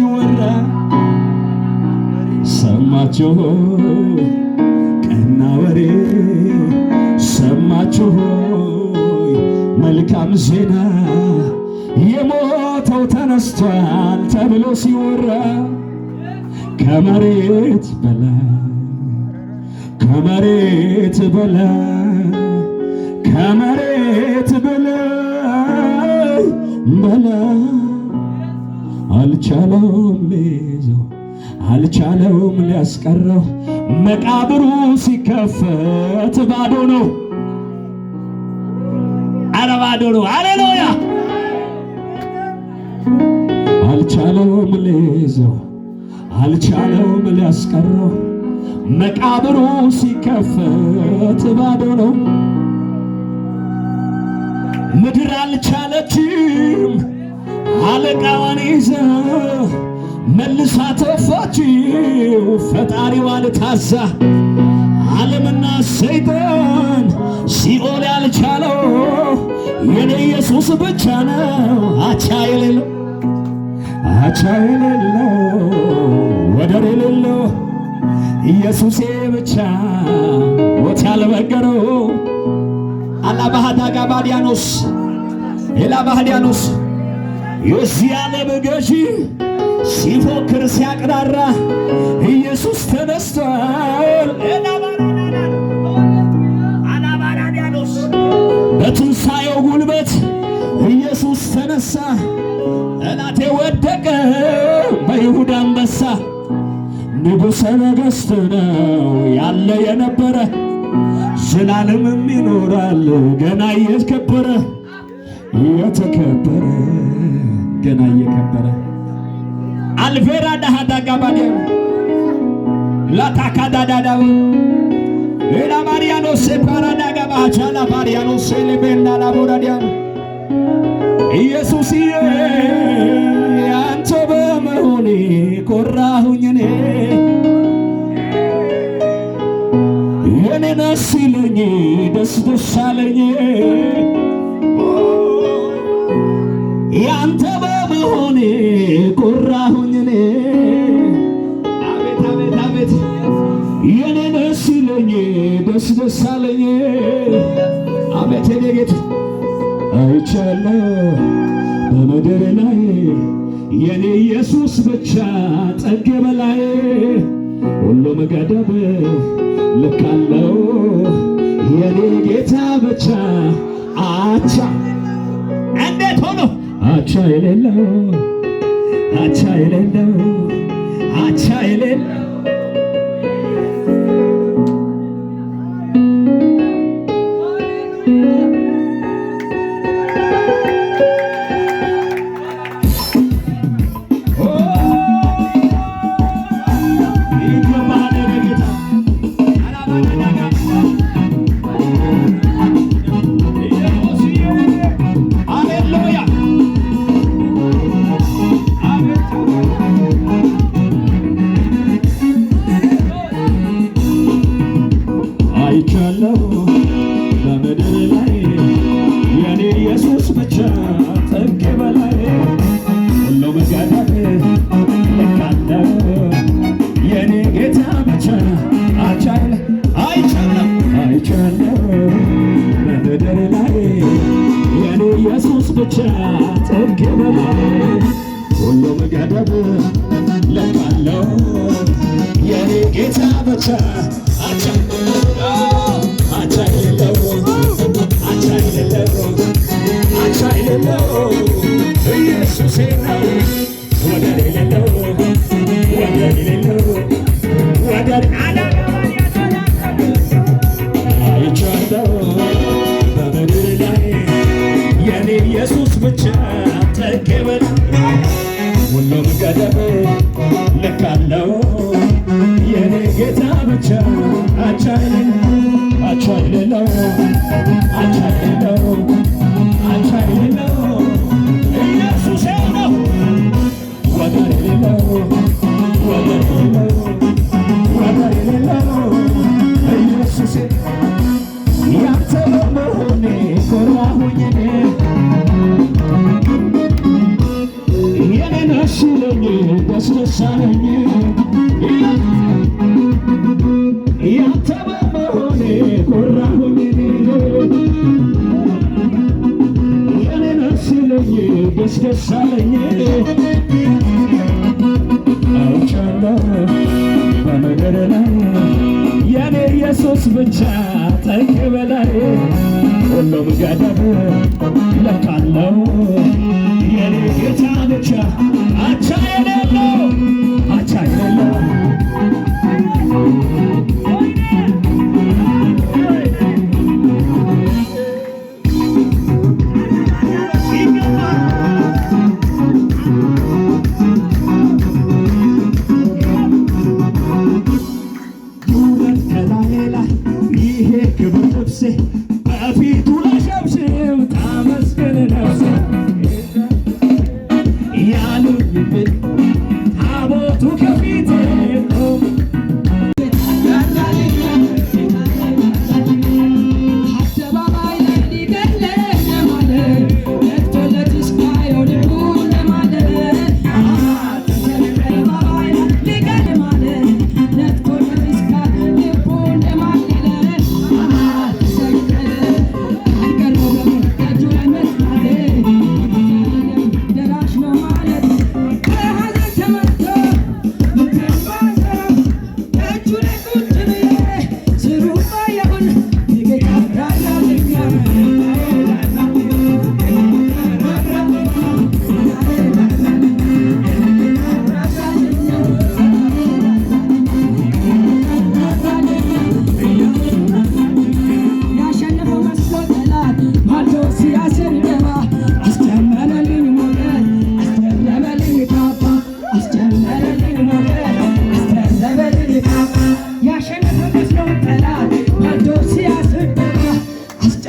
ሲወራ ሰማችሁ ቀና ወሬ ሰማችሁ መልካም ዜና የሞተው ተነስቷል ተብሎ ሲወራ ከመሬት በላይ ከመሬት በላይ ከመሬት በላይ በላይ አልቻለውም ሊይዘው አልቻለውም ሊያስቀረው መቃብሩ ሲከፈት ባዶ ነው። አረ ባዶ ነው። ሃሌሉያ አልቻለውም ሊይዘው አልቻለውም ሊያስቀረው መቃብሩ ሲከፈት ባዶ ነው። ምድር አልቻለችም አለቃዋን ይዘ መልሳ ተፋችው ፈጣሪዋን ታዛ ዓለምና ሰይጣን ሲኦል ያልቻለው የኔ ኢየሱስ ብቻ ነው። አቻ የሌለው አቻ የሌለው ወደር የሌለው ኢየሱሴ ብቻ ሞት ያልበገረው አላ ባህዳ ጋባዲያኖስ ባህዲያኖስ የዚህ ዓለም ገዢ ሲፎክር ሲያቅራራ ኢየሱስ ተነስቷል። አናባራዳኖስ በትንሣኤው ጉልበት ኢየሱስ ተነሳ። ጠላቴ ወደቀ በይሁዳ አንበሳ። ንጉሠ ነገሥት ነው ያለ የነበረ ዘላለምም ይኖራል ገና እየከበረ እየተከበረ ገና እየከበረ አልቬራ ዳሃዳጋባዲ ላታካዳዳዳው ሌላ ማርያኖሴ ያንተ በመሆኔ እኔ ደስ ደስ አለኝ ያንተ ሆኔ ቆራሁኝ እኔ አቤት አቤት አቤት የኔ ደስ ይለኝ ደስ ደስ አለኝ አቤት የኔ ጌታ አይቻለሁ በምድር ላይ የኔ ኢየሱስ ብቻ ጠገበ ላይ ሁሉም ገደብ ልካለው የኔ ጌታ ብቻ አቻ የሌለው አቻ የሌለው አቻ የሌለው ጌታ ብቻ አቻለ አይቻለም ኢየሱስ ነው ወደር የለው Hello.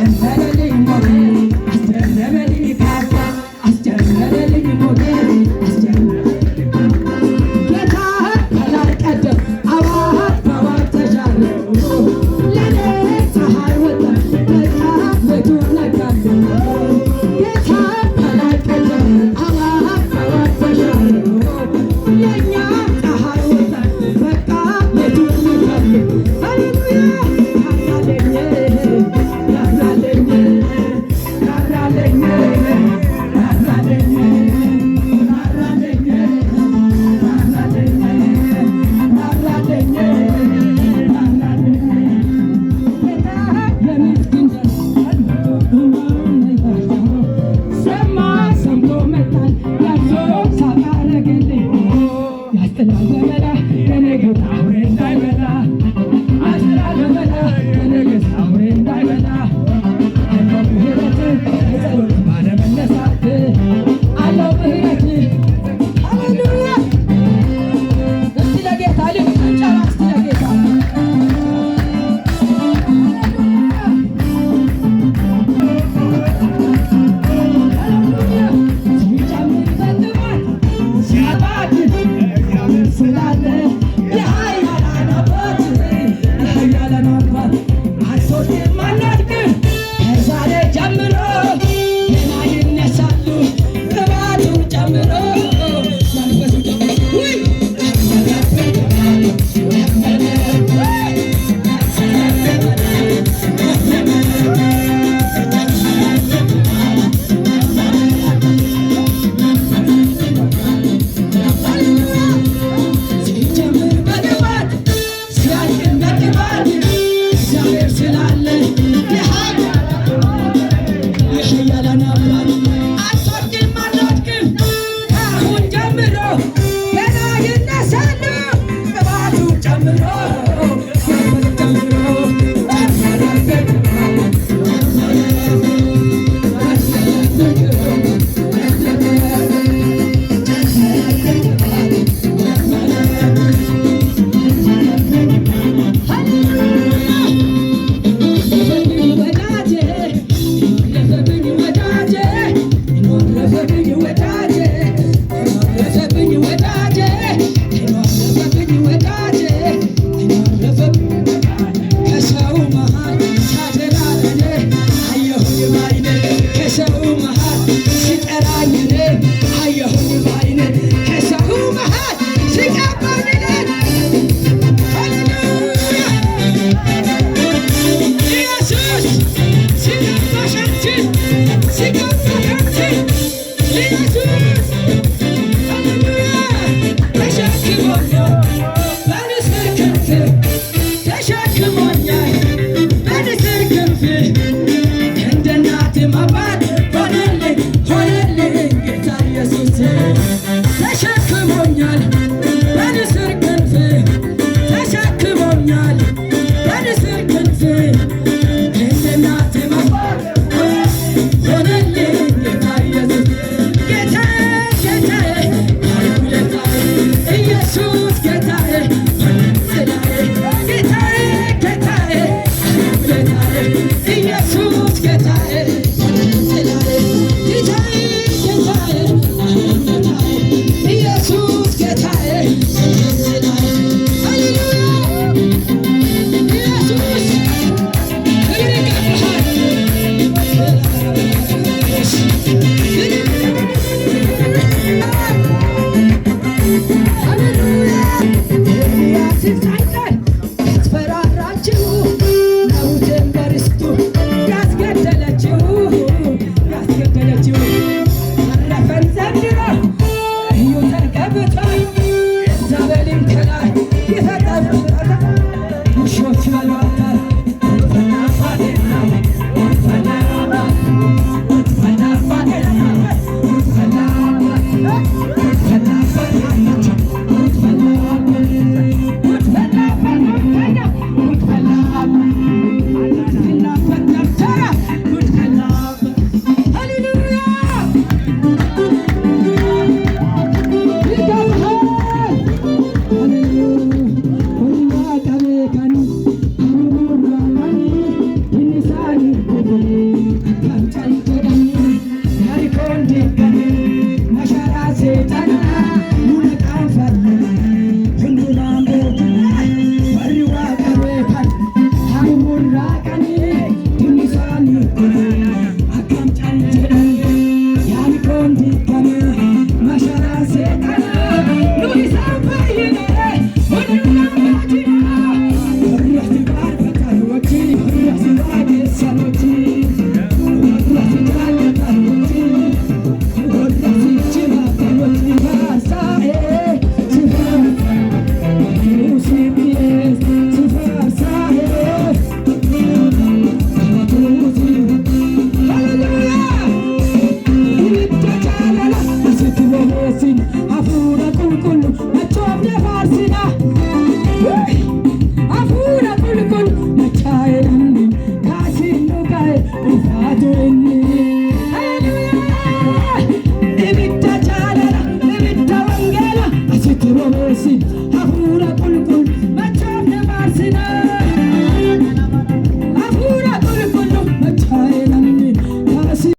and ገና ይነሳል።